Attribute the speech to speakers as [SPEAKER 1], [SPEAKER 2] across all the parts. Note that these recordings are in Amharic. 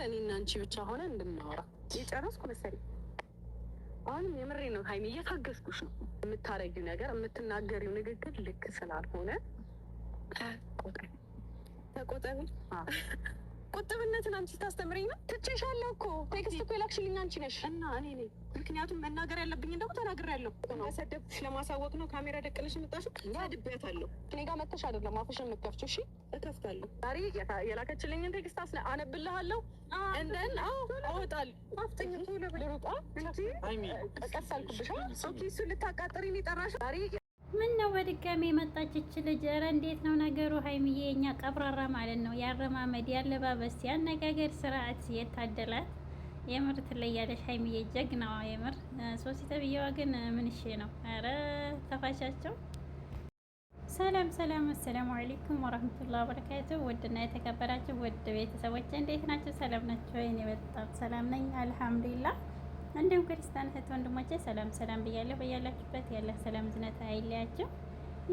[SPEAKER 1] ነገር እኔ እና አንቺ ብቻ ሆነ እንድናወራ የጨረስኩ መሰለኝ። አሁንም የምሬ ነው ሀይሚ፣ እየታገስኩሽ ነው። የምታረጊው ነገር የምትናገሪው ንግግር ልክ ስላልሆነ ተቆጠቢ። ቁጥብነትን አንቺ ስታስተምረኝ ነው። ትቼሻለሁ እኮ ቴክስት እኮ የላክሽልኝ አንቺ ነሽ
[SPEAKER 2] እና እኔ ነኝ።
[SPEAKER 1] ምክንያቱም መናገር ያለብኝ ደግሞ ያለው
[SPEAKER 2] ሰደብኩሽ ለማሳወቅ ነው ካሜራ ደቅለሽ መጣሽው።
[SPEAKER 1] ሰድቤያታለሁ።
[SPEAKER 2] እኔ ጋር መተሽ አይደለም አፍሽን የምትከፍቺው። እሺ እከፍታለሁ። ዛሬ የላከችልኝን ቴክስት አስነ አነብልሃለሁ
[SPEAKER 1] ምን oh,
[SPEAKER 2] ነው በድጋሚ የመጣችች ልጅ? ኧረ እንዴት ነው ነገሩ? ሀይሚዬ የእኛ ቀብራራ ማለት ነው። የአረማመድ፣ ያለባበስ፣ ያነጋገር ስርዓት የታደላት የምር ትለያለሽ ሀይሚዬ፣ ጀግናዋ የምር ሶሲ ተብዬዋ ግን ምንሽ ነው? ኧረ ተፋሻቸው ሰላም ሰላም፣ አሰላሙ አለይኩም ወረህመቱላሂ ወበረካቱህ። ውድና የተከበራችሁ ውድ ቤተሰቦች እንዴት ናቸው? ሰላም ናቸው? እኔ በጣም ሰላም ነኝ አልሐምዱሊላህ። እንዲሁም ክርስቲያን እህት ወንድሞቼ ሰላም ሰላም ብያለሁ። በያላችሁበት ያለ ሰላም ዝነት አይለያችሁ።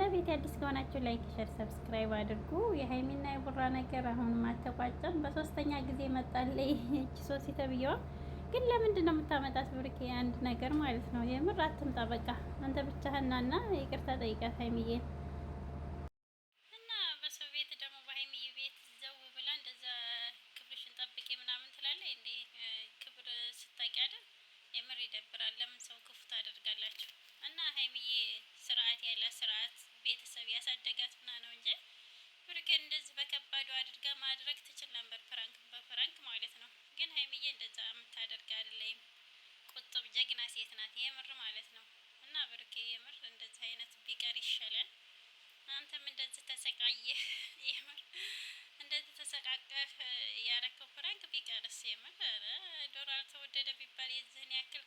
[SPEAKER 2] ለቤት አዲስ ከሆናችሁ ላይክ፣ ሸር፣ ሰብስክራይብ አድርጉ። የሀይሚና የቡራ ነገር አሁንም አተቋጨም በሶስተኛ ጊዜ መጣለች ይህቺ ሶሲ ተብዬዋ። ግን ለምንድን ነው የምታመጣት? ብሩኬ አንድ ነገር ማለት ነው። የምር አትምጣ፣ በቃ አንተ ብቻህና ና ይቅርታ ጠይቃት ሀይሚዬን የምር ማለት ነው። እና ብሩኬ የምር እንደዚህ አይነት ቢቀር ይሻላል። አንተም እንደዚህ ተሰቃየህ የምር እንደዚህ ተሰቃቀፍ ያረከው ፍራንክ ቢቀርስ የምር ዶላር ተወደደ ቢባል የዚህን ያክል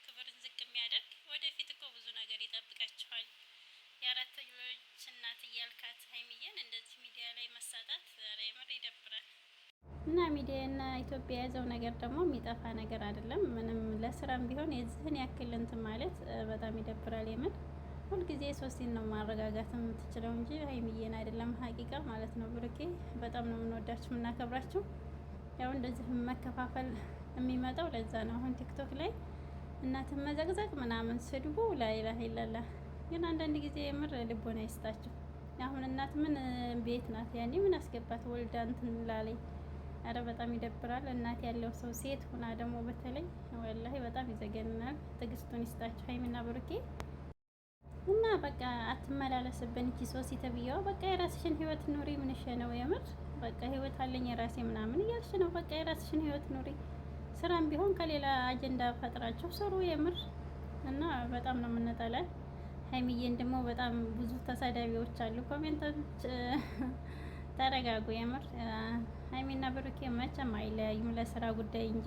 [SPEAKER 2] እና ሚዲያና ኢትዮጵያ የያዘው ነገር ደግሞ የሚጠፋ ነገር አይደለም። ምንም ለስራም ቢሆን የዚህን ያክል እንትን ማለት በጣም ይደብራል። የምን ሁልጊዜ ሶስቲን ነው ማረጋጋት የምትችለው እንጂ ሀይሚዬን አይደለም። ሀቂቃ ማለት ነው። ብሩኬ በጣም ነው የምንወዳችሁ የምናከብራችሁ። ያው እንደዚህ መከፋፈል የሚመጣው ለዛ ነው። አሁን ቲክቶክ ላይ እናትን መዘቅዘቅ ምናምን ስድቡ ላይላ ይላላ። ግን አንዳንድ ጊዜ የምር ልቦና ይስጣችሁ። አሁን እናት ምን ቤት ናት? ያኔ ምን አስገባት ወልዳ እንትን ላለኝ አረ በጣም ይደብራል። እናት ያለው ሰው ሴት ሁና ደግሞ በተለይ ወላሂ በጣም ይዘገንናል። ትዕግስቱን ይስጣችሁ ሀይሚና ብሩኬ እና በቃ አትመላለስብን። እቺ ሶስት የተብያዋ በቃ የራስሽን ህይወት ኑሪ። ምንሽ ነው የምር በቃ ህይወት አለኝ የራሴ ምናምን እያልሽ ነው። በቃ የራስሽን ህይወት ኑሪ። ስራም ቢሆን ከሌላ አጀንዳ ፈጥራቸው ስሩ የምር እና በጣም ነው የምንጠላል። ሀይሚዬን ደግሞ በጣም ብዙ ተሳዳቢዎች አሉ። ኮሜንቶች ተረጋጉ የምር ሀይሚና ብሩኬ መቼም አይለያዩም ለስራ ጉዳይ እንጂ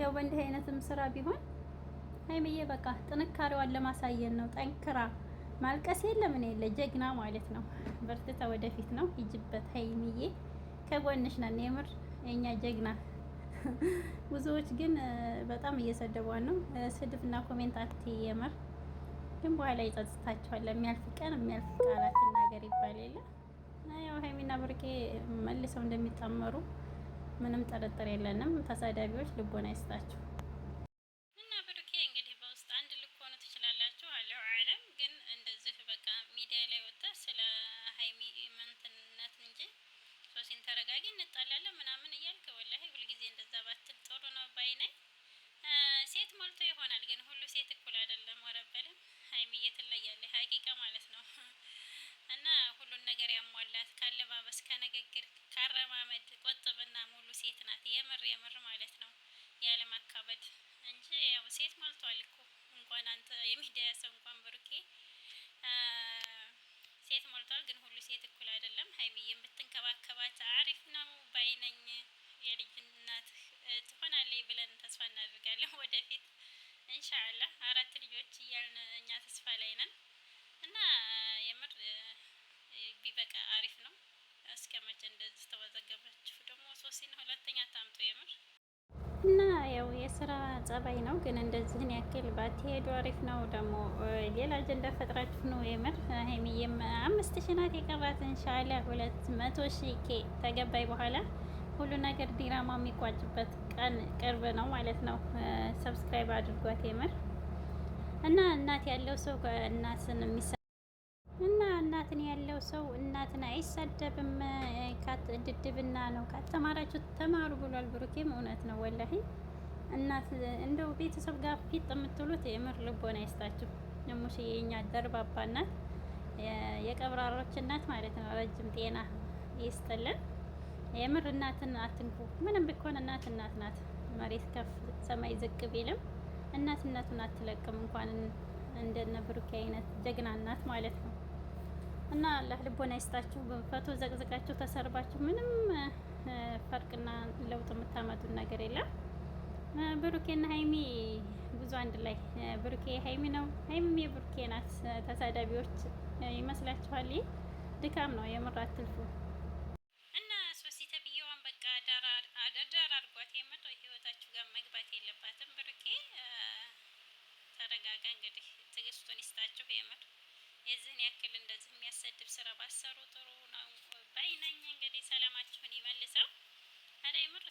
[SPEAKER 2] ያው በእንዲህ አይነትም ስራ ቢሆን ሀይሚዬ በቃ ጥንካሬዋን ለማሳየን ነው። ጠንክራ ማልቀስ የለም እኔ የለ ጀግና ማለት ነው። በርትታ ወደፊት ነው ሂጅበት ሀይሚዬ፣ ከጎንሽ ነን የምር የኛ ጀግና። ብዙዎች ግን በጣም እየሰደቧን ነው። ስድብና ኮሜንት አትይ የምር ግን በኋላ ይጸጽታቸዋል። የሚያልፍ ቀን የሚያልፍ ቃላት ነገር ይባል የለ ያው ሀይሚና ብርቄ መልሰው እንደሚጣመሩ ምንም ጥርጥር የለንም። ተሳዳቢዎች ልቦና ይስጣቸው። እናንተ የሚዲያ ሰው እንኳን ብሩኬ ሴት ሞልቷል፣ ግን ሁሉ ሴት እኩል አይደለም። ሀይሚዬን የምትንከባከባት አሪፍ ነው ባይነኝ የልጅ እናት ትሆናለች ብለን ተስፋ እናደርጋለን ወደፊት ኢንሻአላህ። አራት ልጆች እያልን እኛ ተስፋ ላይ ነን እና የምር ቢበቃ አሪፍ ነው። እስከ መቼ እንደዚህ ተወዘገባችሁ ደግሞ ሶስት ሁለተኛ ታምጡ የምር ስራ ጸባይ ነው። ግን እንደዚህን ያክል ባትሄዱ አሪፍ ነው። ደግሞ ሌላ አጀንዳ ፈጥራችሁ ነው የምር ሀይሚዬም አምስት ሺህ ናት የቀራት እንሻላ ሁለት መቶ ሺህ ኬ ተገባይ በኋላ ሁሉ ነገር ዲራማ የሚቋጭበት ቀን ቅርብ ነው ማለት ነው። ሰብስክራይብ አድርጓት የምር እና እናት ያለው ሰው እናትን የሚሰ እና እናትን ያለው ሰው እናትን አይሳደብም። ድድብና ነው። ከተማራችሁ ተማሩ ብሏል ብሩኬም። እውነት ነው ወላሂ እናት እንደው ቤተሰብ ጋር ፊት የምትሉት የምር ልቦና አይስጣችሁ። ሙሽ የኛ ደርባባ እናት የቀብራሮች እናት ማለት ነው። ረጅም ጤና ይስጥልን። የምር እናትን አትንኩ። ምንም ቢኮን እናት እናት ናት። መሬት ከፍ ሰማይ ዝቅ ቢልም እናት አትለቅም። እንኳን እንደነ ብሩኬ አይነት ጀግና እናት ማለት ነው። እና አላህ ልቦና ይስጣችሁ። ፈቶ ዘቅዝቃችሁ ተሰርባችሁ ምንም ፈርቅና ለውጥ የምታመጡን ነገር የለም። ብሩኬና ሀይሚ ብዙ አንድ ላይ ብሩኬ ሀይሚ ነው፣ ሀይሚም የብሩኬ ናት። ተሳዳቢዎች ይመስላችኋል? ድካም ነው የምር አትልፉ። እና ሶስት ተብዬዋን በቃ ዳር አድርጓት የምር ህይወታችሁ ጋር መግባት የለባትም። ብሩኬ ተረጋጋ፣ እንግዲህ ትግስቱን ይስታችሁ የምር የዚህን ያክል እንደዚህ የሚያሰድብ ስራ ባሰሩ ጥሩ ነው ባይነኝ። እንግዲህ ሰላማችሁን ይመልሰው። አዳይ ምር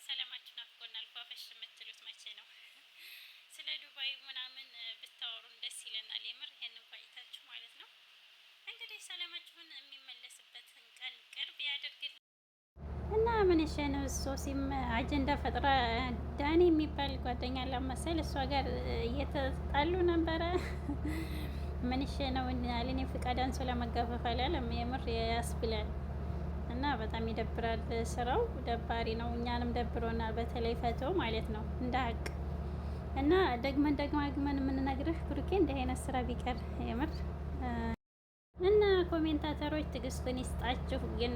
[SPEAKER 2] ሶሲም አጀንዳ ፈጥራ ዳኒ የሚባል ጓደኛ ለመሰል እሷ ጋር እየተጣሉ ነበረ። ምንሽ ነው እኔ ፍቃድ አንሶ ለመጋፈፍ አላለም። የምር ያስብላል እና በጣም ይደብራል። ስራው ደባሪ ነው። እኛንም ደብሮና በተለይ ፈቶ ማለት ነው እንደ ሀቅ እና ደግመን ደግመን የምንነግርህ ብሩኬ እንዲህ አይነት ስራ ቢቀር የምር እና ኮሜንታተሮች ትግስቱን ይስጣችሁ። ግን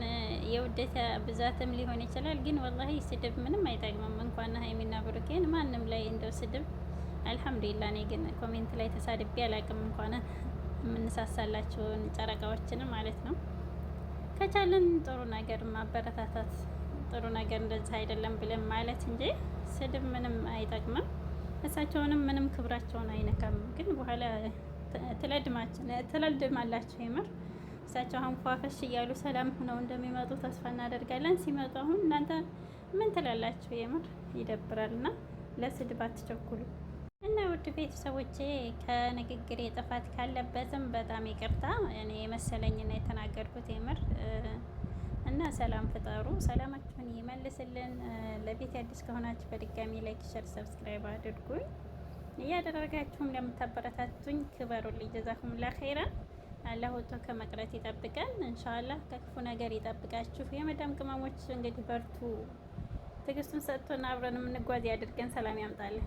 [SPEAKER 2] የውደታ ብዛትም ሊሆን ይችላል። ግን ወላሂ ስድብ ምንም አይጠቅምም። እንኳን ሀይሚና ብሩኬን ማንም ላይ እንደው ስድብ አልሐምዱሊላ። እኔ ግን ኮሜንት ላይ ተሳድቤ አላቅም። እንኳን የምንሳሳላችሁን ጨረቃዎችን ማለት ነው። ከቻለን ጥሩ ነገር ማበረታታት፣ ጥሩ ነገር እንደዚህ አይደለም ብለን ማለት እንጂ ስድብ ምንም አይጠቅምም። እሳቸውንም ምንም ክብራቸውን አይነካም። ግን በኋላ ትለድማላችሁ። የምር እሳቸው አሁን ፏፈሽ እያሉ ሰላም ሆነው እንደሚመጡ ተስፋ እናደርጋለን። ሲመጡ አሁን እናንተ ምን ትላላችሁ? የምር ይደብራል እና ለስድብ አትቸኩሉ። እና ውድ ቤተሰቦቼ ከንግግር ጥፋት ካለበትም በጣም ይቅርታ፣ እኔ የመሰለኝና የተናገርኩት የምር እና ሰላም ፍጠሩ፣ ሰላማችሁን ይመልስልን። ለቤት አዲስ ከሆናችሁ በድጋሚ ላይክ፣ ሸር፣ ሰብስክራይብ አድርጉኝ። እያደረጋችሁ እንደምታበረታቱኝ ክበሩልኝ። ጀዛኩሙላ ኸይራን። አላህ ወጥቶ ከመቅረት ይጠብቀን እንሻላ ከክፉ ነገር ይጠብቃችሁ። የመዳም ቅመሞች እንግዲህ በርቱ፣ ትግስቱን ሰጥቶና አብረን የምንጓዝ ያድርገን። ሰላም ያምጣለን።